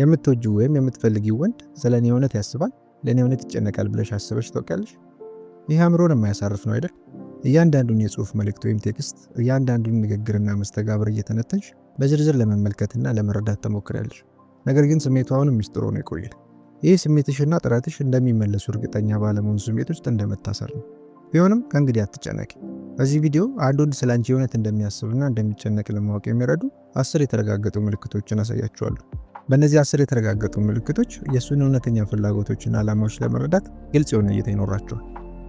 የምትወጁ ወይም የምትፈልጊው ወንድ ስለ እኔ እውነት ያስባል፣ ለእኔ እውነት ይጨነቃል ብለሽ አስበሽ ታውቂያለሽ? ይህ አእምሮን የማያሳርፍ ነው አይደል? እያንዳንዱን የጽሁፍ መልእክት ወይም ቴክስት፣ እያንዳንዱን ንግግርና መስተጋብር እየተነተንሽ በዝርዝር ለመመልከትና ለመረዳት ተሞክሪያለሽ። ነገር ግን ስሜቱ አሁንም ሚስጥር ሆኖ ይቆያል። ይህ ስሜትሽና ጥረትሽ እንደሚመለሱ እርግጠኛ ባለመሆን ስሜት ውስጥ እንደመታሰር ነው። ቢሆንም ከእንግዲህ አትጨነቂ። በዚህ ቪዲዮ አንድ ወንድ ስለ አንቺ እውነት እንደሚያስብና እንደሚጨነቅ ለማወቅ የሚረዱ አስር የተረጋገጡ ምልክቶችን አሳያችኋለሁ። በእነዚህ አስር የተረጋገጡ ምልክቶች የእሱን እውነተኛ ፍላጎቶችና ዓላማዎች ለመረዳት ግልጽ የሆነ እይታ ይኖራቸዋል።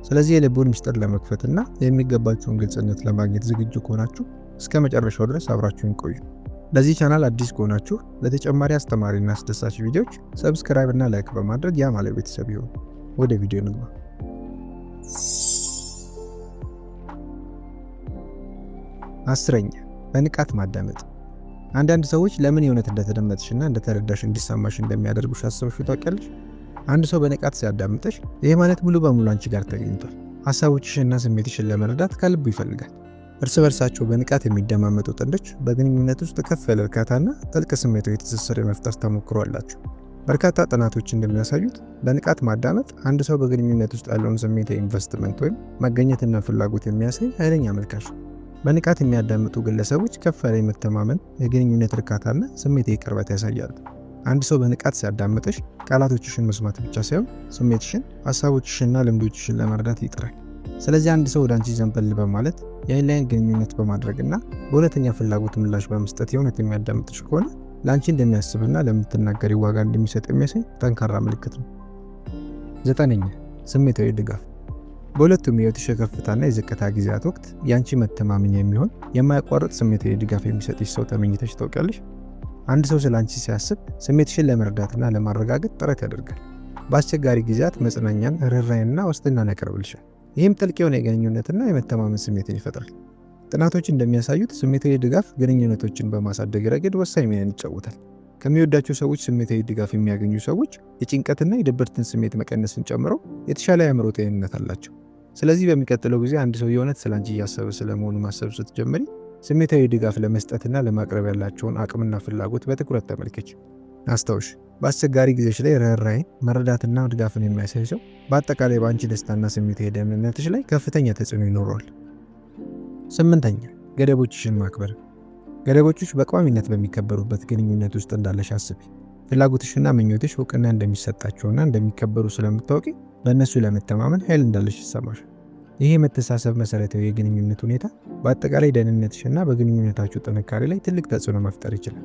ስለዚህ የልቡን ምስጢር ለመክፈትና የሚገባቸውን ግልጽነት ለማግኘት ዝግጁ ከሆናችሁ እስከ መጨረሻው ድረስ አብራችሁን ቆዩ። ለዚህ ቻናል አዲስ ከሆናችሁ ለተጨማሪ አስተማሪና አስደሳች ቪዲዮዎች ሰብስክራይብ እና ላይክ በማድረግ ማለ ቤተሰብ ይሁኑ። ወደ ቪዲዮ ንግባ። አስረኛ በንቃት ማዳመጥ አንዳንድ ሰዎች ለምን የእውነት እንደተደመጥሽና እንደተረዳሽ እንዲሰማሽ እንደሚያደርጉሽ አስበሽ ታውቂያለሽ? አንድ ሰው በንቃት ሲያዳምጥሽ፣ ይህ ማለት ሙሉ በሙሉ አንቺ ጋር ተገኝቷል። ሀሳቦችሽና ስሜትሽን ለመረዳት ከልቡ ይፈልጋል። እርስ በርሳቸው በንቃት የሚደማመጡ ጥንዶች በግንኙነት ውስጥ ከፍ ያለ እርካታና ጥልቅ ስሜታዊ ትስስር የመፍጠር ተሞክሮ አላቸው። በርካታ ጥናቶች እንደሚያሳዩት በንቃት ማዳመጥ አንድ ሰው በግንኙነት ውስጥ ያለውን ስሜት ኢንቨስትመንት ወይም መገኘትና ፍላጎት የሚያሳይ ኃይለኛ አመልካች ነው። በንቃት የሚያዳምጡ ግለሰቦች ከፍ ያለ የመተማመን፣ የግንኙነት እርካታና ስሜት ቅርበት ያሳያሉ። አንድ ሰው በንቃት ሲያዳምጥሽ ቃላቶችሽን መስማት ብቻ ሳይሆን ስሜትሽን፣ ሀሳቦችሽንና ልምዶችሽን ለመረዳት ይጥራል። ስለዚህ አንድ ሰው ወደ አንቺ ዘንበል በማለት የአይን ግንኙነት በማድረግና በእውነተኛ ፍላጎት ምላሽ በመስጠት የእውነት የሚያዳምጥሽ ከሆነ ለአንቺ እንደሚያስብና ለምትናገሪ ዋጋ እንደሚሰጥ የሚያሳይ ጠንካራ ምልክት ነው። ዘጠነኛ ስሜታዊ ድጋፍ በሁለቱም የህይወትሽ የከፍታና የዝቅታ ጊዜያት ወቅት ያንቺ መተማመኛ የሚሆን የማያቋርጥ ስሜታዊ ድጋፍ የሚሰጥሽ ሰው ተመኝተሽ ታውቂያለሽ? አንድ ሰው ስለ አንቺ ሲያስብ ስሜትሽን ለመርዳትና ለማረጋገጥ ጥረት ያደርጋል። በአስቸጋሪ ጊዜያት መጽናኛን፣ ርኅራኄንና ዋስትናን ያቀርብልሻል። ይህም ጥልቅ የሆነ የግንኙነትና የመተማመን ስሜትን ይፈጥራል። ጥናቶች እንደሚያሳዩት ስሜታዊ ድጋፍ ግንኙነቶችን በማሳደግ ረገድ ወሳኝ ሚናን ይጫወታል። ከሚወዳቸው ሰዎች ስሜታዊ ድጋፍ የሚያገኙ ሰዎች የጭንቀትና የድብርትን ስሜት መቀነስን ጨምሮ የተሻለ የአእምሮ ጤንነት አላቸው። ስለዚህ በሚቀጥለው ጊዜ አንድ ሰው የእውነት ስለ አንቺ እያሰበ ስለመሆኑ ማሰብ ስትጀምሪ ስሜታዊ ድጋፍ ለመስጠትና ለማቅረብ ያላቸውን አቅምና ፍላጎት በትኩረት ተመልከች። አስታውሽ፣ በአስቸጋሪ ጊዜዎች ላይ ርኅራኄን መረዳትና ድጋፍን የሚያሳይ ሰው በአጠቃላይ በአንቺ ደስታና ስሜታዊ ደህንነትሽ ላይ ከፍተኛ ተጽዕኖ ይኖረዋል። ስምንተኛ ገደቦችሽን ማክበር። ገደቦችሽ በቋሚነት በሚከበሩበት ግንኙነት ውስጥ እንዳለሽ አስቢ። ፍላጎትሽና ምኞትሽ እውቅና እንደሚሰጣቸውና እንደሚከበሩ ስለምታውቂ በእነሱ ለመተማመን ኃይል እንዳለሽ ይሰማሽ። ይህ የመተሳሰብ መሰረታዊ የግንኙነት ሁኔታ በአጠቃላይ ደህንነትሽና በግንኙነታችሁ ጥንካሬ ላይ ትልቅ ተጽዕኖ መፍጠር ይችላል።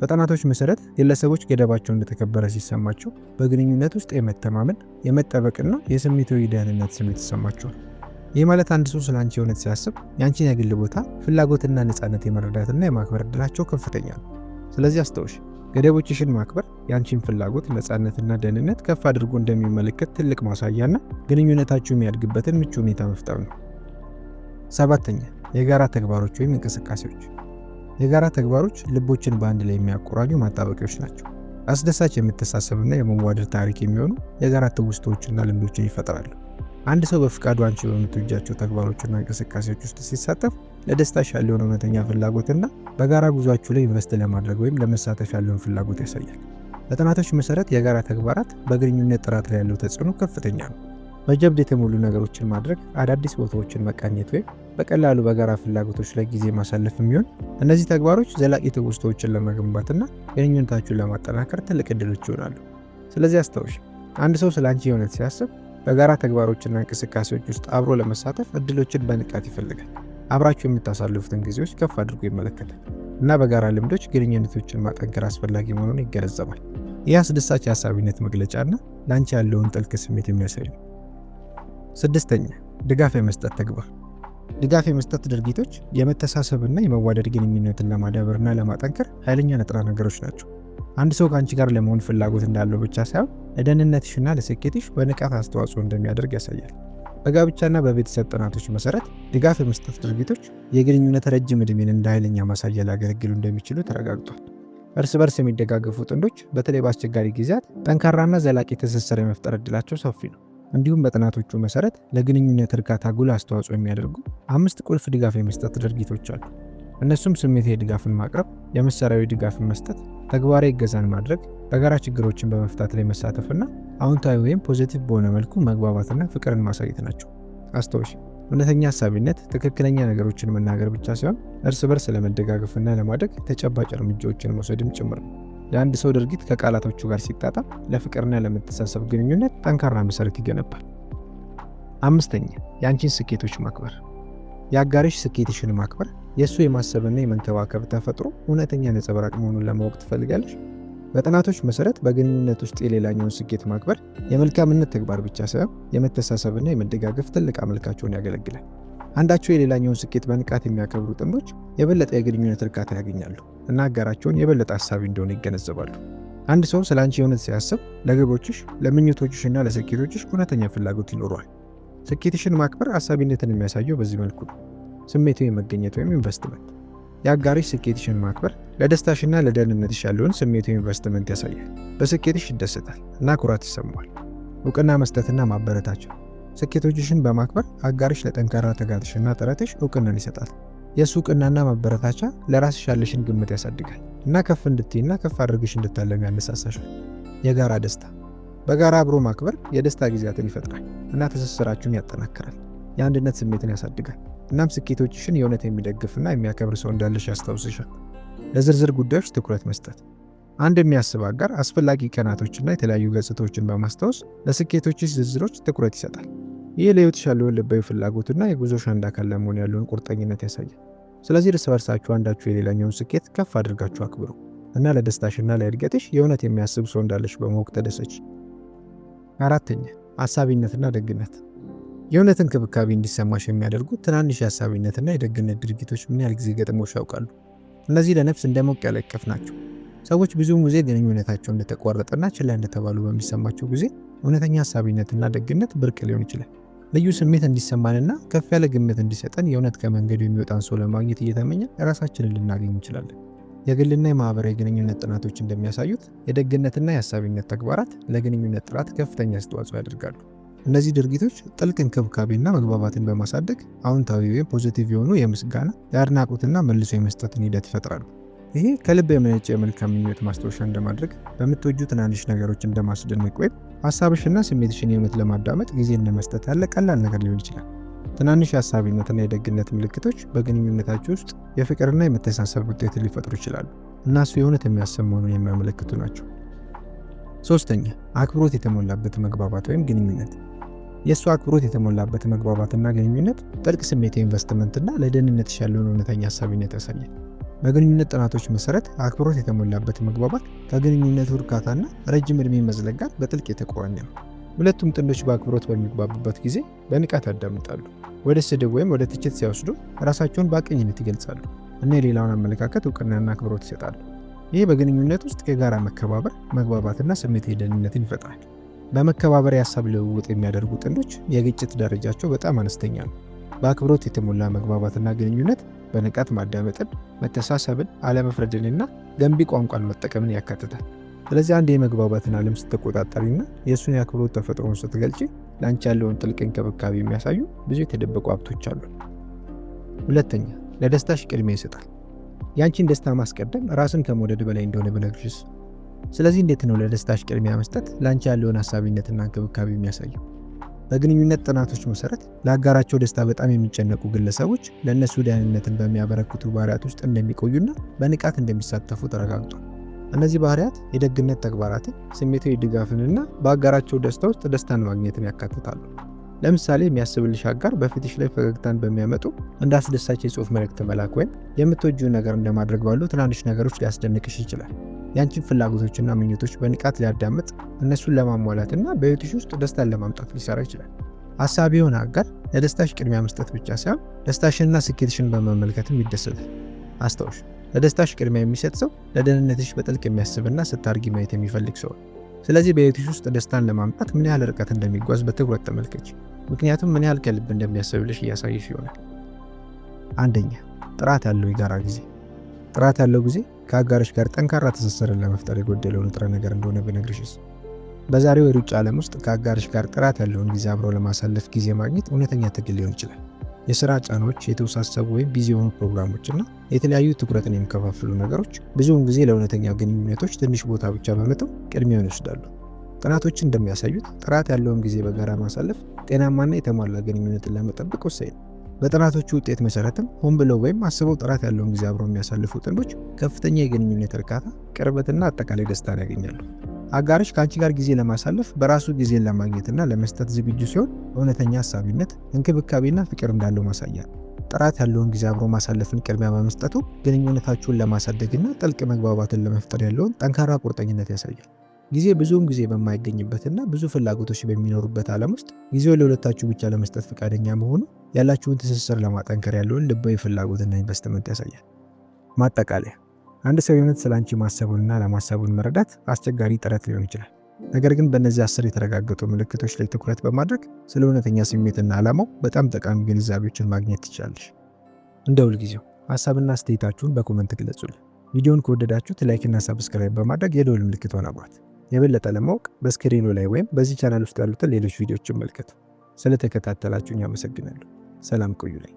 በጥናቶች መሰረት ግለሰቦች ገደባቸው እንደተከበረ ሲሰማቸው በግንኙነት ውስጥ የመተማመን የመጠበቅና የስሜታዊ ደህንነት ስሜት ይሰማቸዋል። ይህ ማለት አንድ ሰው ስለ አንቺ የእውነት ሲያስብ የአንቺን የግል ቦታ፣ ፍላጎትና ነፃነት የመረዳትና የማክበር ዕድላቸው ከፍተኛ ነው። ስለዚህ አስተውሽ፣ ገደቦችሽን ማክበር የአንቺን ፍላጎት ነፃነትና ደህንነት ከፍ አድርጎ እንደሚመለከት ትልቅ ማሳያና ግንኙነታችሁ የሚያድግበትን ምቹ ሁኔታ መፍጠር ነው። ሰባተኛ የጋራ ተግባሮች ወይም እንቅስቃሴዎች። የጋራ ተግባሮች ልቦችን በአንድ ላይ የሚያቆራኙ ማጣበቂያዎች ናቸው። አስደሳች የመተሳሰብና የመዋደድ ታሪክ የሚሆኑ የጋራ ትውስቶችና ልምዶችን ይፈጥራሉ። አንድ ሰው በፍቃዱ አንቺ በምትወጃቸው ተግባሮችና እንቅስቃሴዎች ውስጥ ሲሳተፍ ለደስታሽ ያለውን እውነተኛ ፍላጎትና በጋራ ጉዟችሁ ላይ ኢንቨስት ለማድረግ ወይም ለመሳተፍ ያለውን ፍላጎት ያሳያል። በጥናቶች መሰረት የጋራ ተግባራት በግንኙነት ጥራት ላይ ያለው ተጽዕኖ ከፍተኛ ነው። በጀብድ የተሞሉ ነገሮችን ማድረግ፣ አዳዲስ ቦታዎችን መቃኘት ወይም በቀላሉ በጋራ ፍላጎቶች ላይ ጊዜ ማሳለፍ የሚሆን እነዚህ ተግባሮች ዘላቂ ትውስታዎችን ለመገንባትና ግንኙነታችሁን ለማጠናከር ትልቅ እድሎች ይሆናሉ። ስለዚህ አስታውሽ፣ አንድ ሰው ስለ አንቺ የእውነት ሲያስብ በጋራ ተግባሮችና እንቅስቃሴዎች ውስጥ አብሮ ለመሳተፍ እድሎችን በንቃት ይፈልጋል። አብራችሁ የምታሳልፉትን ጊዜዎች ከፍ አድርጎ ይመለከታል እና በጋራ ልምዶች ግንኙነቶችን ማጠንከር አስፈላጊ መሆኑን ይገነዘባል። ይህ አስደሳች የአሳቢነት መግለጫና ለአንቺ ያለውን ጥልቅ ስሜት የሚያሳይ ነው። ስድስተኛ ድጋፍ የመስጠት ተግባር ድጋፍ የመስጠት ድርጊቶች የመተሳሰብና የመዋደድ ግንኙነትን ለማዳበርና ለማጠንከር ኃይለኛ ንጥረ ነገሮች ናቸው። አንድ ሰው ከአንቺ ጋር ለመሆን ፍላጎት እንዳለው ብቻ ሳይሆን ለደህንነትሽና ለስኬትሽ በንቃት አስተዋጽኦ እንደሚያደርግ ያሳያል። በጋብቻና በቤተሰብ ጥናቶች መሰረት ድጋፍ የመስጠት ድርጊቶች የግንኙነት ረጅም እድሜን እንደ ኃይለኛ ማሳያ ሊያገለግሉ እንደሚችሉ ተረጋግጧል። እርስ በርስ የሚደጋገፉ ጥንዶች በተለይ በአስቸጋሪ ጊዜያት ጠንካራና ዘላቂ ትስስር የመፍጠር እድላቸው ሰፊ ነው። እንዲሁም በጥናቶቹ መሰረት ለግንኙነት እርካታ ጉልህ አስተዋጽኦ የሚያደርጉ አምስት ቁልፍ ድጋፍ የመስጠት ድርጊቶች አሉ። እነሱም ስሜታዊ ድጋፍን ማቅረብ፣ የመሳሪያዊ ድጋፍን መስጠት፣ ተግባራዊ እገዛን ማድረግ፣ በጋራ ችግሮችን በመፍታት ላይ መሳተፍና አዎንታዊ ወይም ፖዚቲቭ በሆነ መልኩ መግባባትና ፍቅርን ማሳየት ናቸው። አስታውሺ፣ እውነተኛ ሀሳቢነት ትክክለኛ ነገሮችን መናገር ብቻ ሳይሆን እርስ በርስ ለመደጋገፍና ለማደግ ተጨባጭ እርምጃዎችን መውሰድም ጭምር ነው። የአንድ ሰው ድርጊት ከቃላቶቹ ጋር ሲጣጣም ለፍቅርና ለመተሳሰብ ግንኙነት ጠንካራ መሰረት ይገነባል። አምስተኛ የአንቺን ስኬቶች ማክበር። የአጋሪሽ ስኬትሽን ማክበር የእሱ የማሰብና የመንከባከብ ተፈጥሮ እውነተኛ ነጸብራቅ መሆኑን ለማወቅ ትፈልጋለች። በጥናቶች መሰረት በግንኙነት ውስጥ የሌላኛውን ስኬት ማክበር የመልካምነት ተግባር ብቻ ሳይሆን የመተሳሰብና የመደጋገፍ ትልቅ አመልካቸውን ያገለግላል። አንዳቸው የሌላኛውን ስኬት በንቃት የሚያከብሩ ጥንዶች የበለጠ የግንኙነት እርካታ ያገኛሉ እና አጋራቸውን የበለጠ ሀሳቢ እንደሆነ ይገነዘባሉ። አንድ ሰው ስለ አንቺ የእውነት ሲያስብ ለግቦችሽ፣ ለምኞቶችሽ እና ለስኬቶችሽ እውነተኛ ፍላጎት ይኖረዋል። ስኬትሽን ማክበር አሳቢነትን የሚያሳየው በዚህ መልኩ ነው። ስሜቱ መገኘት ወይም ኢንቨስትመንት የአጋሪሽ ስኬትሽን ማክበር ለደስታሽና ለደህንነትሽ ያለውን ስሜቱ ኢንቨስትመንት ያሳያል። በስኬትሽ ይደሰታል እና ኩራት ይሰማዋል። እውቅና መስጠትና ማበረታቸው ስኬቶችሽን በማክበር አጋሪሽ ለጠንካራ ትጋትሽና ጥረትሽ እውቅናን ይሰጣል። የእሱ እውቅናና ማበረታቻ ለራስሽ ያለሽን ግምት ያሳድጋል እና ከፍ እንድትይና ከፍ አድርግሽ እንድታለም ያነሳሳሻል። የጋራ ደስታ በጋራ አብሮ ማክበር የደስታ ጊዜያትን ይፈጥራል እና ትስስራችሁን ያጠናክራል። የአንድነት ስሜትን ያሳድጋል። እናም ስኬቶችሽን የእውነት የሚደግፍና የሚያከብር ሰው እንዳለሽ ያስታውስሻል። ለዝርዝር ጉዳዮች ትኩረት መስጠት፣ አንድ የሚያስብ አጋር አስፈላጊ ቀናቶችና የተለያዩ ገጽታዎችን በማስታወስ ለስኬቶችሽ ዝርዝሮች ትኩረት ይሰጣል። ይህ ለሕይወትሽ ያለውን ልባዊ ፍላጎትና የጉዞሽ አንድ አካል ለመሆን ያለውን ቁርጠኝነት ያሳያል። ስለዚህ እርስ በርሳችሁ አንዳችሁ የሌላኛውን ስኬት ከፍ አድርጋችሁ አክብሩ እና ለደስታሽና ለእድገትሽ የእውነት የሚያስብ ሰው እንዳለሽ በማወቅ ተደሰች። አራተኛ አሳቢነትና ደግነት የእውነት እንክብካቤ እንዲሰማሽ የሚያደርጉት ትናንሽ የሀሳቢነትና የደግነት ድርጊቶች ምን ያህል ጊዜ ገጥሞሽ ያውቃሉ? እነዚህ ለነፍስ እንደ ሞቅ ያለ እቅፍ ናቸው። ሰዎች ብዙ ጊዜ ግንኙነታቸው እንደተቋረጠና ችላ እንደተባሉ በሚሰማቸው ጊዜ እውነተኛ ሀሳቢነትና ደግነት ብርቅ ሊሆን ይችላል። ልዩ ስሜት እንዲሰማንና ከፍ ያለ ግምት እንዲሰጠን የእውነት ከመንገዱ የሚወጣን ሰው ለማግኘት እየተመኘ ራሳችንን ልናገኝ እንችላለን። የግልና የማህበራዊ ግንኙነት ጥናቶች እንደሚያሳዩት የደግነትና የሀሳቢነት ተግባራት ለግንኙነት ጥራት ከፍተኛ አስተዋጽኦ ያደርጋሉ። እነዚህ ድርጊቶች ጥልቅ እንክብካቤና መግባባትን በማሳደግ አዎንታዊ ወይም ፖዚቲቭ የሆኑ የምስጋና የአድናቆትና መልሶ የመስጠትን ሂደት ይፈጥራሉ። ይሄ ከልብ የመነጨ የመልካም ምኞት ማስታወሻ እንደማድረግ፣ በምትወጁ ትናንሽ ነገሮች እንደማስደነቅ ወይም ሀሳብሽና ስሜትሽን የእውነት ለማዳመጥ ጊዜ እንደመስጠት ያለ ቀላል ነገር ሊሆን ይችላል። ትናንሽ የሀሳቢነትና የደግነት ምልክቶች በግንኙነታችሁ ውስጥ የፍቅርና የመተሳሰብ ውጤት ሊፈጥሩ ይችላሉ። እነሱ የእውነት የሚያሰሙ የሚያመለክቱ ናቸው። ሶስተኛ አክብሮት የተሞላበት መግባባት ወይም ግንኙነት የእሱ አክብሮት የተሞላበት መግባባትና ግንኙነት ጥልቅ ስሜት ኢንቨስትመንትና ለደህንነት ያለውን እውነተኛ ሀሳቢነት ያሳያል። በግንኙነት ጥናቶች መሰረት አክብሮት የተሞላበት መግባባት ከግንኙነቱ እርካታና ረጅም እድሜ መዝለጋት በጥልቅ የተቆራኘ ነው። ሁለቱም ጥንዶች በአክብሮት በሚግባቡበት ጊዜ በንቃት ያዳምጣሉ፣ ወደ ስድብ ወይም ወደ ትችት ሲያወስዱ ራሳቸውን በአቅኝነት ይገልጻሉ እና የሌላውን አመለካከት እውቅናና አክብሮት ይሰጣሉ። ይህ በግንኙነት ውስጥ የጋራ መከባበር፣ መግባባትና ስሜት የደህንነትን ይፈጥራል። በመከባበር የሀሳብ ልውውጥ የሚያደርጉ ጥንዶች የግጭት ደረጃቸው በጣም አነስተኛ ነው። በአክብሮት የተሞላ መግባባትና ግንኙነት በንቃት ማዳመጥን፣ መተሳሰብን፣ አለመፍረድንና ገንቢ ቋንቋን መጠቀምን ያካትታል። ስለዚህ አንድ የመግባባትን ዓለም ስትቆጣጠሪና የእሱን የአክብሮት ተፈጥሮን ስትገልጪ ለአንቺ ያለውን ጥልቅ እንክብካቤ የሚያሳዩ ብዙ የተደበቁ ሀብቶች አሉ። ሁለተኛ፣ ለደስታሽ ቅድሚያ ይሰጣል። የአንቺን ደስታ ማስቀደም ራስን ከመውደድ በላይ እንደሆነ ብነግርሽስ? ስለዚህ እንዴት ነው ለደስታሽ ቅድሚያ መስጠት ለአንቺ ያለውን አሳቢነትና እንክብካቤ የሚያሳየው? በግንኙነት ጥናቶች መሰረት ለአጋራቸው ደስታ በጣም የሚጨነቁ ግለሰቦች ለእነሱ ደህንነትን በሚያበረክቱ ባህሪያት ውስጥ እንደሚቆዩና በንቃት እንደሚሳተፉ ተረጋግጧል። እነዚህ ባህሪያት የደግነት ተግባራትን፣ ስሜታዊ ድጋፍንና በአጋራቸው ደስታ ውስጥ ደስታን ማግኘትን ያካትታሉ። ለምሳሌ የሚያስብልሽ አጋር በፊትሽ ላይ ፈገግታን በሚያመጡ እንደ አስደሳች የጽሑፍ መልእክት መላክ ወይም የምትወጂውን ነገር እንደማድረግ ባሉ ትናንሽ ነገሮች ሊያስደንቅሽ ይችላል። ያንቺን ፍላጎቶችና ምኞቶች በንቃት ሊያዳምጥ እነሱን ለማሟላትና በህይወትሽ ውስጥ ደስታን ለማምጣት ሊሰራ ይችላል። አሳቢ የሆነ አጋር ለደስታሽ ቅድሚያ መስጠት ብቻ ሳይሆን ደስታሽንና ስኬትሽን በመመልከትም ይደሰታል። አስታውሽ፣ ለደስታሽ ቅድሚያ የሚሰጥ ሰው ለደህንነትሽ በጥልቅ የሚያስብና ስታርጊ ማየት የሚፈልግ ሰው ስለዚህ በህይወትሽ ውስጥ ደስታን ለማምጣት ምን ያህል ርቀት እንደሚጓዝ በትኩረት ተመልከች፣ ምክንያቱም ምን ያህል ከልብ እንደሚያስብልሽ እያሳየሽ ይሆናል። አንደኛ፣ ጥራት ያለው የጋራ ጊዜ። ጥራት ያለው ጊዜ ከአጋሮች ጋር ጠንካራ ትስስርን ለመፍጠር የጎደለው ንጥረ ነገር እንደሆነ ብነግርሽስ? በዛሬው የሩጫ ዓለም ውስጥ ከአጋሮች ጋር ጥራት ያለውን ጊዜ አብሮ ለማሳለፍ ጊዜ ማግኘት እውነተኛ ትግል ሊሆን ይችላል። የስራ ጫናዎች፣ የተወሳሰቡ ወይም ቢዚ የሆኑ ፕሮግራሞች እና የተለያዩ ትኩረትን የሚከፋፍሉ ነገሮች ብዙውን ጊዜ ለእውነተኛ ግንኙነቶች ትንሽ ቦታ ብቻ በመተው ቅድሚያውን ይወስዳሉ። ጥናቶች እንደሚያሳዩት ጥራት ያለውን ጊዜ በጋራ ማሳለፍ ጤናማና የተሟላ ግንኙነትን ለመጠበቅ ወሳኝ ነው። በጥናቶቹ ውጤት መሰረትም ሆን ብለው ወይም አስበው ጥራት ያለውን ጊዜ አብረው የሚያሳልፉ ጥንዶች ከፍተኛ የግንኙነት እርካታ፣ ቅርበትና አጠቃላይ ደስታን ያገኛሉ። አጋሮች ከአንቺ ጋር ጊዜ ለማሳለፍ በራሱ ጊዜን ለማግኘትና ለመስጠት ዝግጁ ሲሆን እውነተኛ ሀሳቢነት፣ እንክብካቤና ፍቅር እንዳለው ማሳያ ጥራት ያለውን ጊዜ አብሮ ማሳለፍን ቅድሚያ በመስጠቱ ግንኙነታችሁን ለማሳደግና ጥልቅ መግባባትን ለመፍጠር ያለውን ጠንካራ ቁርጠኝነት ያሳያል። ጊዜ ብዙውን ጊዜ በማይገኝበትና ብዙ ፍላጎቶች በሚኖሩበት ዓለም ውስጥ ጊዜው ለሁለታችሁ ብቻ ለመስጠት ፈቃደኛ መሆኑ ያላችሁን ትስስር ለማጠንከር ያለውን ልባዊ ፍላጎትና ኢንቨስትመንት ያሳያል። ማጠቃለያ፣ አንድ ሰው የእውነት ስለ አንቺ ማሰቡንና ለማሰቡን መረዳት አስቸጋሪ ጥረት ሊሆን ይችላል። ነገር ግን በእነዚህ አስር የተረጋገጡ ምልክቶች ላይ ትኩረት በማድረግ ስለ እውነተኛ ስሜትና ዓላማው በጣም ጠቃሚ ግንዛቤዎችን ማግኘት ትችላለሽ። እንደ ሁልጊዜው ሀሳብና አስተያየታችሁን በኮመንት ግለጹልን። ቪዲዮውን ከወደዳችሁት ላይክና ሳብስክራይብ በማድረግ የደወል ምልክት ሆናባት የበለጠ ለማወቅ በስክሪኑ ላይ ወይም በዚህ ቻናል ውስጥ ያሉትን ሌሎች ቪዲዮዎችን መልከት። ስለተከታተላችሁኝ አመሰግናለሁ። ሰላም ቆዩ ላይ